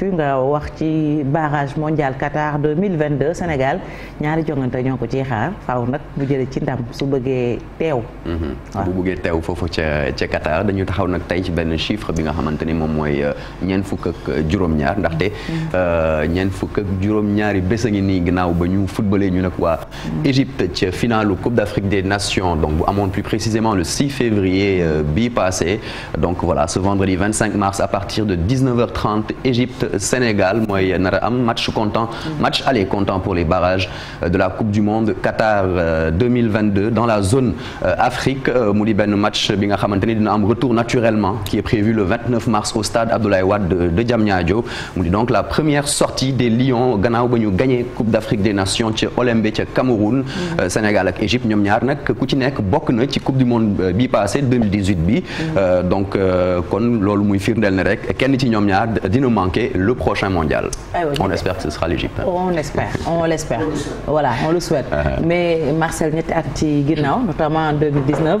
tu nga wax ci barrage mondial Qatar 2022 Sénégal ñaari jongante ñoo ko ciy xaar faaw nag bu jëlee ci ndam su bëggee teew. bu mhm. bëggee teew foofu ca ca Qatar dañu taxaw nag tey ci benn chiffre bi nga xamante ni moom mooy euh, ñeent fukk ak euh, juróom-ñaar ndaxte. Mhm. Euh, ñeent fukk juróom-ñaari bés a ngi nii ginnaaw ba ñu footballé ñu nag waa mhm. Égypte ca finalu Coupe d'Afrique des Nations donc bu amoon plus précisément le 6 février bi passé donc voilà ce vendredi mars à partir de 19h30 Sénégal mooy nar am match comptant match aller comptant pour les barrages euh, de la Coupe du monde Qatar 2022 euh, la zone euh, Afrique mu benn match bi nga xamante ni dina am retour naturellement qui est prévu le 29 mars au stade Abdoulaye la première sortie des Lions gannaaw ñu gagné Coupe d'Afrique des Nations ca Olembe ca Cameroun ak Égypte ñoom ñaar nag ku ci nekk bokk na ci Coupe du monde bi passé 2018 bi donc kon loolu muy firndeel ne rek kenn ci ñoom ñaar dina manqué le prochain mondial. Ah oui, on espère que ce sera l'Égypte. on espère on l'espère voilà on le souhaite. mais Marcel ñetti at ci ginnaaw notamment en 2019.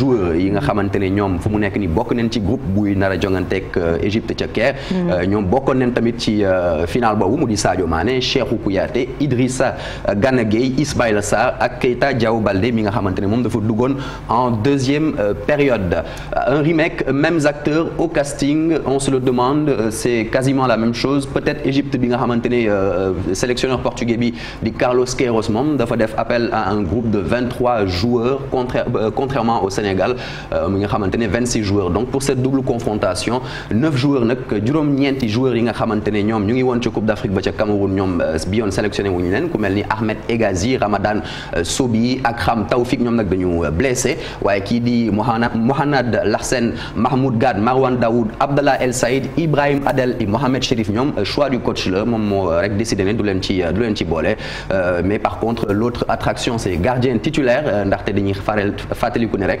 joueurs yi nga xamante ne ñoom fu mu nekk ni bokk nañ ci groupe buy nar a jonganteeg euh, Égypte ca Caire mm. euh, ñoom bokkoon nañ tamit ci euh, final boobu mu di Sadio Mané Cheikhou Kouyaté Idrissa Gana Gueye Ismaïla Sarr ak Keita Diao Baldé mi nga xamante ne moom dafa duggoon en deuxième période un remake mêmes acteurs au casting on se le demande c'est quasiment la même chose peut-être Égypte bi nga xamante ne sélectionneur portugais bi di Carlos Queiroz moom dafa def appel à un groupe de joueurs contrairement Sénégal euh, mi nga xamante ne 26 joueurs donc pour cette double confrontation 9 joueurs nag juróom-ñeenti joueurs yi nga xamante ne ñoom ñu ngi woon ci Coupe d'Afrique ba ca Cameroun ñoom euh, bi yoon sélectionné wuñu leen ku mel ni Ahmed Egazi Ramadan euh, Sobi ak Xam Tawfik ñoom nag dañu blessé waaye kii di Mohanad Lahsen Mahmoud Gad Marwan Daoud Abdallah El Saïd Ibrahim Adel et Mohamed Chérif ñoom choix du coach la moom moo rek décidé ne du leen ci du leen ci boole mais par contre l'autre attraction c'est gardien titulaire ndaxte dañuy faral fàttaliku ne rek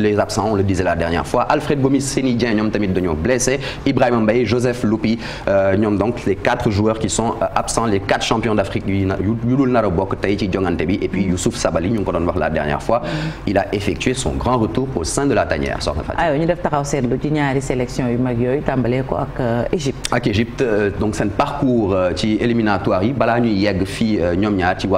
les absents on le disait la dernière fois Alfred Gomis Seny Dieng ñoom tamit blessé Ibrahima Mbaye Joseph Loupi euh, ñoom donc les quatre joueurs qui sont euh, absents les quatre champions d'Afrique yu dul nar a bokk tey ci et puis Youssouf Sabaly ñu ngi ko doon la dernière fois il a effectué son grand retour au sein de la tanière soxna Fatou. aywa ñu def euh, Égypte. donc seen parcours ci éliminatoire yi balaa ñuy yegg fii ñoom ñaar ci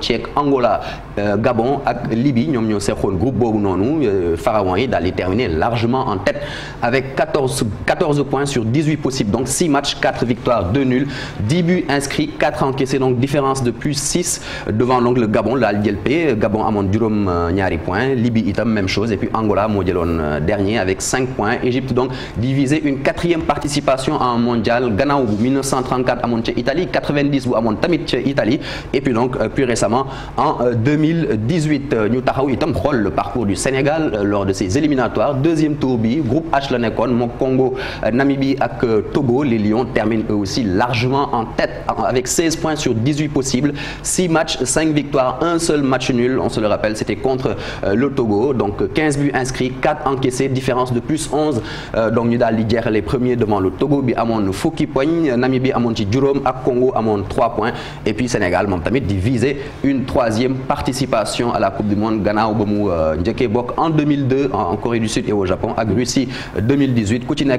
ceeg Angola euh, Gabon ak Libye ñoom ñoo seqoon groupe boobu noonu euh, pharaon yi daal di terminer largement en tête avec 14 14 points sur 18 possibles donc 6 matchs 4 victoires 2 nuls 10 buts inscrits 4 encaissés donc différence de plus 6 devant donc le Gabon daal jël pe Gabon amoon juróom euh, ñaari points Libye itam même chose et puis Angola moo jëloon dernier avec 5 points Égypte donc divisé une quatrième participation mondial gannaaw bu 1934 amoon ca Italie 90 bu amoon tamit ca Italie et puis donc plus récemment notamment en 2018 euh, euh, ñu taxaw itam xool le parcours du Sénégal euh, lors de ces deuxième tour bi groupe H la nekkoon moom Congo Namibie ak Togo les Lions terminent eux aussi largement en tête avec 16 points sur 18 possibles 6 matchs 5 victoires un seul match nul on se le rappelle c'était contre le Togo donc 15 buts inscrits différence de plus 11 donc ñu daal di jeexale premier devant le Togo bi amoon fukki poñ Namibie amoon ci juróom ak Congo amoon 3 points et Sénégal moom tamit di viser une troisième participation la Coupe du ba mu euh, njëkkee bokk en 2002 en Corée du Sud et au nekk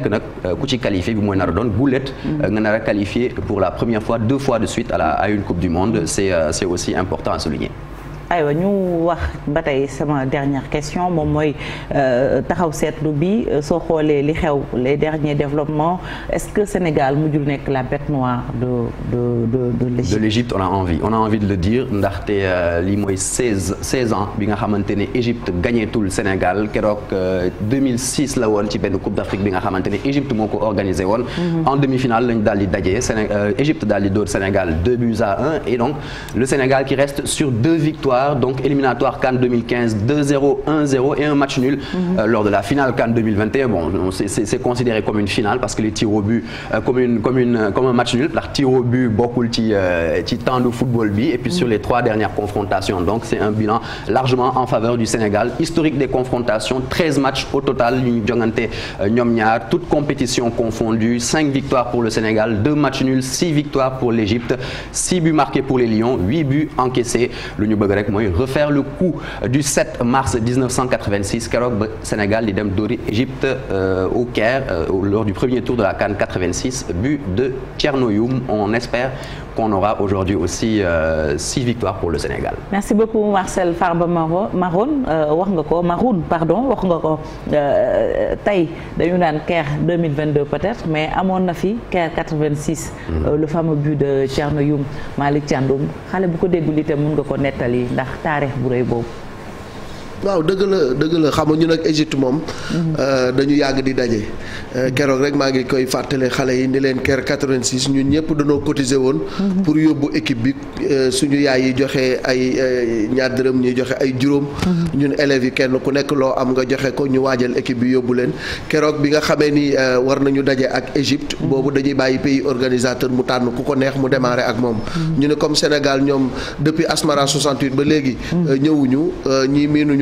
nag euh, ku ci qualifié bi a doon boulet mm. euh, nga nar a qualifié pour fois deux fois de suite à la à aywa ñu wax ba tey sama dernière question moom mooy euh, taxaw seetlu bi euh, soo xoolee li xew les derniers développements est-ce que Sénégal mujjul nekk la bête noire de de de de l'Égypte. de l'Égypte on a envie on de le dire ndaxte euh, lii mooy seize seize ans bi nga xamante ne Égypte gañeetul Sénégal keroog 2006 la woon ci benn Coupe d'Afrique bi nga xamante ne Égypte moo ko organisé woon. Mhm. en demi-finale lañ daal di daje Séné Égypte daal di dóor Sénégal de buts à un et donc le Sénégal qui reste sur deux victoires. victoire donc éliminatoire CAN 2015 2-0 1 et un match nul mhm. euh, lors de la finale CAN 2021 bon c'est c'est considéré comme une finale parce que les tirs au but euh, comme une comme match nul ndax but bokkul ci euh, ci temps de football bi et puis sur mhm. les trois dernières confrontations donc c'est un bilan largement en faveur du Sénégal historique des confrontations 13 au total yu ñu jongante ñoom ñaar toutes compétitions confondues 5 victoires pour le Sénégal 2 matchs nuls 6 victoires pour l'Égypte 6 buts marqués pour les Lions lu ñu bëgg rek mooy refaire le coup du 7 mars 1986 keroog ba Sénégal di dem dóori Égypte euh, au Caire euh, lors du premier tour de la qu'on aura aujourd'hui aussi euh, six victoires pour le Sénégal. merci beaucoup Marcel Farba Maroun euh, wax nga ko Maroun pardon wax nga ko euh, tey dañu naan Caire 2022 peut-être mais amoon na fi Caire 86. Mhm. Euh, le fameux but de Thierno Youm Malick Thiandoum xale bu ko déggul itam mën nga ko nettali ndax taarix bu rëy boobu. waaw dëgg la dëgg la xam nga ñu nag Égypte moom. Mhm. Euh, dañu yàgg di daje. Euh, keroog rek maa ngi koy fàttale xale yi ni leen ker 86 ñun ñëpp dañoo cotiser woon. Mhm. pour yóbbu équipe bi euh, suñu yaay yi joxe ay ñaar dërëm ñuy joxe ay juróom. Mhm. ñun élèves yi kenn ku nekk loo am nga joxe ko ñu waajal équipe bi yóbbu leen keroog bi nga xamee ni war nañu daje ak Égypte. boobu dañuy bàyyi pays organisateur mu tànn ku ko neex mu démarrer ak moom. ñu ne comme Sénégal ñoom depuis Asmara 68 ba léegi.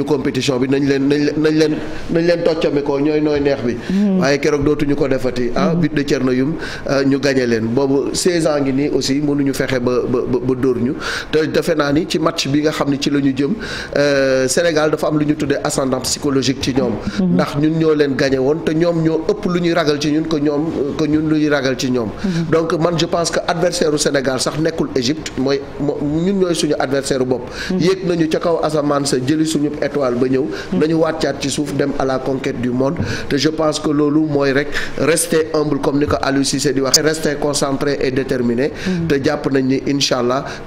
compétition bi nañ leen nañ nañ leen nañ leen toccami ko ñooy nooy neex bi. Hmm. waaye keroog dootuñu ko defati. Ah, hmm. but de Thierno Youm euh, ñu gagné leen boobu 16 ngi nii aussi mënuñu fexe ba ba ba dóor ñu te defe naa ni ci match bi nga xam ni ci la ñu jëm euh, Sénégal dafa am lu ñu tuddee ascendant psychologique ci ñoom. Hmm. ndax ñun ñoo leen gagné woon te ñoom ñoo ëpp lu ñuy ragal ci ñun que ñoom que ñun lu ñuy ragal ci ñoom. donc man je pense que adversaire u Sénégal sax nekkul Égypte mooy ñun ñooy étoile ba ñëw nañu wàccaat ci suuf dem à la conquête du monde te je pense que loolu mooy rek rester humble comme ni ko Aliou Cissé di waxee rester concentré et déterminé mm-hmm. te jàpp nañ ni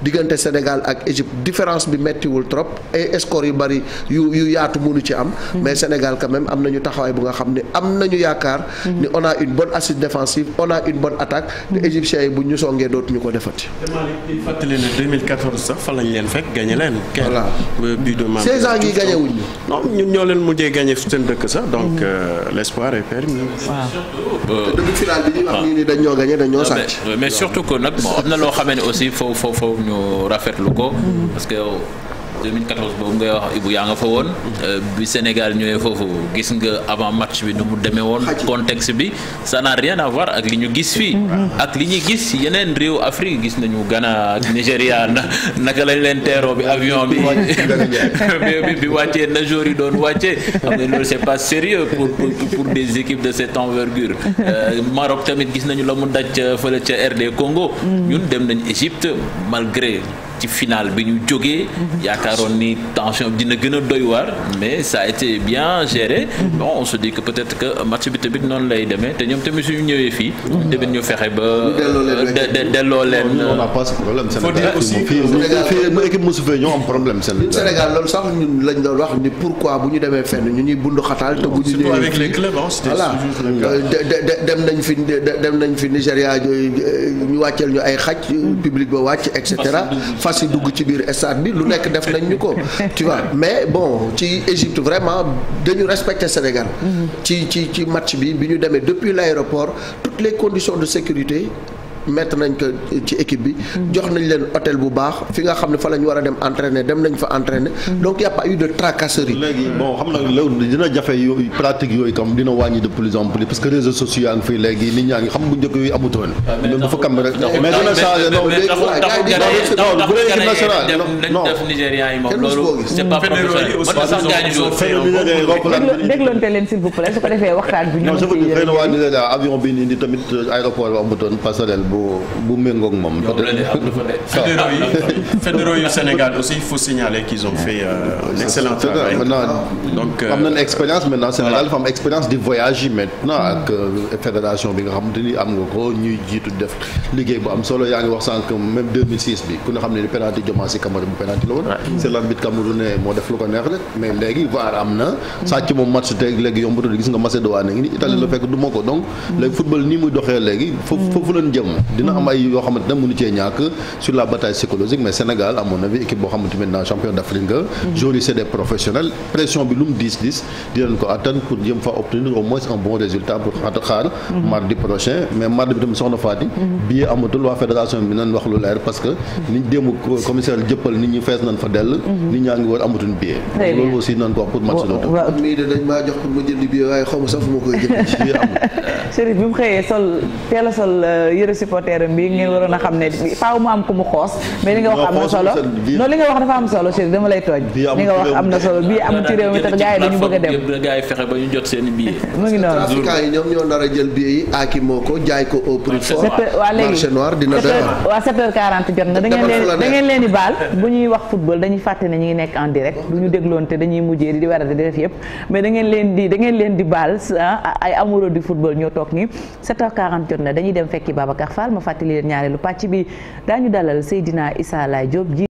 diggante Sénégal ak Égypte différence bi méttiwul trop et score yu bari yu yu yaatu mënu ci am mm-hmm. mais Sénégal quand même am nañu taxawaay bu nga xam ne am nañu yaakaar mm-hmm. ni on a une bonne assise défensive on a une bonne attaque te égyptiens yi bu ñu songee dootuñu ko defati fàttali ne wuñ ñu. non ñun ñoo leen mujjee gagné seen dëkk sax donc mhm. euh, l' espoir est permis. waaw euh, te dëgg final bi ñuy wax nii dañ ñoo gagné sàcc. mais surtout que nag bon am na loo xamee ne aussi foofu foofu ñu rafetlu ko. Mhm. parce que 2014 boobu ngay wax Ibou yaa nga fa woon. Mm-hmm. Euh, bi Sénégal ñëwee foofu gis nga avant match bi nu mu demee woon. contexte bi ça n'a rien à voir ak li ñu gis fii. Mm-hmm. ak li ñuy gis yeneen réew Afrique gis nañu Ghana ak na naka lañ leen teeroo bi avion bi. bi bi wàccee na jour yi doon wàccee xam nga loolu c'est pas sérieux pour pour des équipes de cette envergure. Euh, Maroc tamit gis nañu la mu daj euh, fële ca RD Congo. Mm-hmm. ñun dem nañ Égypte malgré. ci final bi ñu jógee. yaakaaroon ni tension dina gën a doy waar mais ça a été bien géré. bon on se dit que peut-être que match bi tamit noonu lay demee te ñoom tamit suñu ñëwee fii. tamit ñu fexe ba. delloo mosu fee ñoo am problème Sénégal loolu sax ñun lañ wax ni pourquoi bu ñu demee fenn ñu ñuy bundu te bu ñu. surtout avec euh, dem nañ fi Nigéria euh, ñu wàcceel ñu ay xaj. public ba wàcc et commencé dugg ci biir stade bi lu nekk def nañ ñu ko tu vois mais bon ci Égypte vraiment dañu respecte Sénégal mm-hmm. ci ci ci match bi bi ñu demee depuis l'aéroport toutes les conditions de sécurité mettre nañ ko ci équipe bi. jox nañ leen hôtel bu baax fi nga xam ne fa la ñu war a dem entraîner dem nañ fa entraîner. Mm-hmm. donc y' a pas eu de tracasserie. bon xam nga loolu dina jafe yooyu pratique yooyu comme dina wàññi de plus en plus parce que réseaux sociaux yaa ngi fii léegi nit ñaa ngi xam bu njëkk yooyu amutoon. Ah, mais dafa kam rek mais dina changé non léegi non bu dee national non kenn du ko gis. dégloonte leen s'il vous plaît su ko defee waxtaan bi. xëy na waa Nigéria avion bi indi tamit bu bu méngoog moom. Ah, ah, ah. fédéraux yu Sénégal aussi il faut signaler qu'ils fait euh, un excellent travail. donc euh, am nañ Sénégal dafa am expérience di voyage yi maintenant ak euh, fédération bi nga xamante ni am nga ko ñuy jiitu def liggéey bu am solo yaa ngi wax sànq même bi ku nga xam ne ni penalty Diomansy Kamara bu penalty la woon. c'est l'arbitre camerounais moo def lu ko neex rek mais léegi VAR am na. sàcc moom match teg léegi yombatul gis nga Macédoine ngi ni Italie la fekk du dina am ay yoo xamante ne mënu cee ñàkk sur la bataille psychologique mais Sénégal à mon avis équipe boo xamante maintenant champion d'Afrique nga mm-hmm. joueurs yi c'est des pression bi lu mu diis diis dinañ ko atteindre pour jëm fa obtenir au moins un bon résultat pour xaar mm-hmm. mardi prochain mais mardi bi tamit soxna Fati mm-hmm. billet amatul waa fédération bi nañ wax lu leer parce que ni démb commissaire jëppal nit ñi fees nañ fa dell nit ñaa ngi war amatuñ billet loolu ma jënd billet waaye xaw ma sax supporter am bi ngeen waroon a xam ne faaw mu am ku mu xoos mais li nga wax am na solo non li nga wax dafa am solo chéri dama lay tooñ li nga wax am na solo bii amul ci réew mi te gars yi a ñoom ñoo nar a jël billet yi aaki moo ko jaay ko au prix waa léegi marché noir jot na da ngeen leen da ngeen leen di baal bu ñuy wax football dañuy fàtte ne ñu ngi nekk en direct du ñu dégloon te dañuy mujjee di war a di def yëpp mais da leen di da leen di baal ay Fall ma fàttali leen ñaareelu pàcc bi daañu dalal Seydina dina Laye Diop